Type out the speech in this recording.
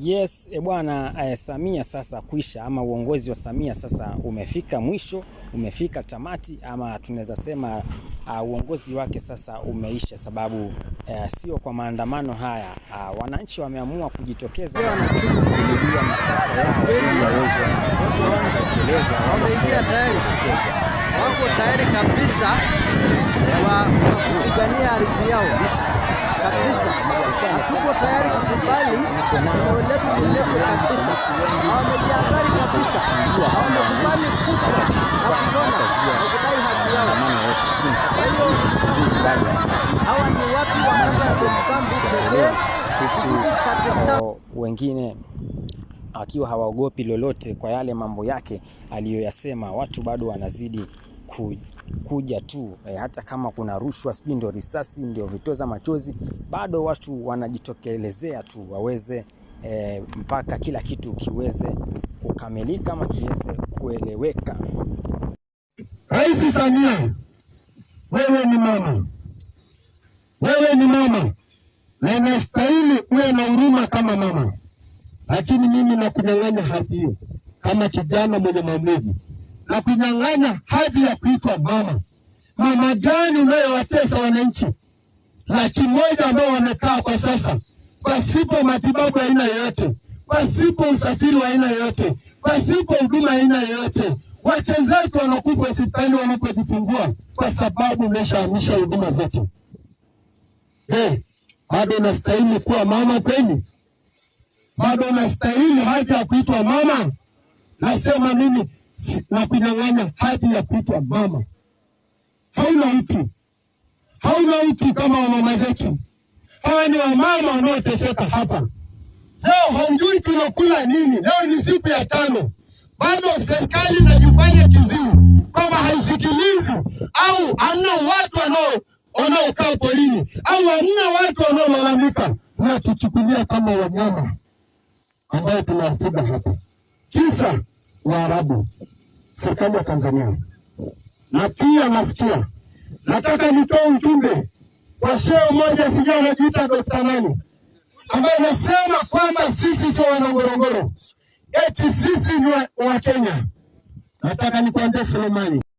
Yes, e bwana e, Samia sasa kuisha ama uongozi wa Samia sasa umefika mwisho, umefika tamati ama tunaweza sema uh, uongozi wake sasa umeisha, sababu uh, sio kwa maandamano haya uh, wananchi wameamua kujitokeza kujibia matakwa yao ili yaweze kutekelezwa. Wako tayari kabisa kupigania ardhi yao hatuko tayari kukubali eneo letu mlevu kabisa. Hawamejiadhari kabisa, hawamekubali kufa na kupona wakudai haki yao. Kwa hiyo hawa ni watu wa kata ya Setsambu pekee, kijiji cha Kitau. Wengine akiwa hawaogopi lolote kwa yale mambo yake aliyoyasema, watu bado wanazidi kuja tu e, hata kama kuna rushwa sijui ndio risasi ndio vitoza machozi, bado watu wanajitokelezea tu waweze e, mpaka kila kitu kiweze kukamilika ama kiweze kueleweka. Rais Samia, wewe ni mama, wewe ni mama na inastahili uwe na huruma kama mama, lakini mimi nakunyang'anya hadhi hiyo kama kijana mwenye maumivu na kunyang'anya hadhi ya kuitwa mama. Mama gani unayowatesa wananchi laki moja ambao wamekaa kwa sasa pasipo matibabu aina yoyote, pasipo usafiri wa aina yoyote, pasipo huduma aina yoyote? Wake zetu wanakufa hospitali wanapojifungua kwa sababu mmeshahamisha huduma zetu. Hey, bado unastahili kuwa mama kweli? Bado unastahili haja ya kuitwa mama? Nasema mimi na kunyang'anya hadhi ya kuitwa mama. Hauna utu, hauna utu kama wamama zetu. Hawa ni wamama wanaoteseka hapa leo. Haujui tunakula nini. Leo ni siku ya tano, bado serikali inajifanya kiziwi kwamba haisikilizi au hamna watu wanaokaa polini au hamna watu wanaolalamika. Natuchukulia kama wanyama ambayo tunawafuga hapa kisa Waarabu, serikali ya Tanzania. Na pia nasikia, nataka nitoe ujumbe kwa sheo moja sijaa anajiita Dokta nani, ambaye anasema kwamba sisi sio ngorongoro eti sisi ni Wakenya. Nataka nikwambie Selemani.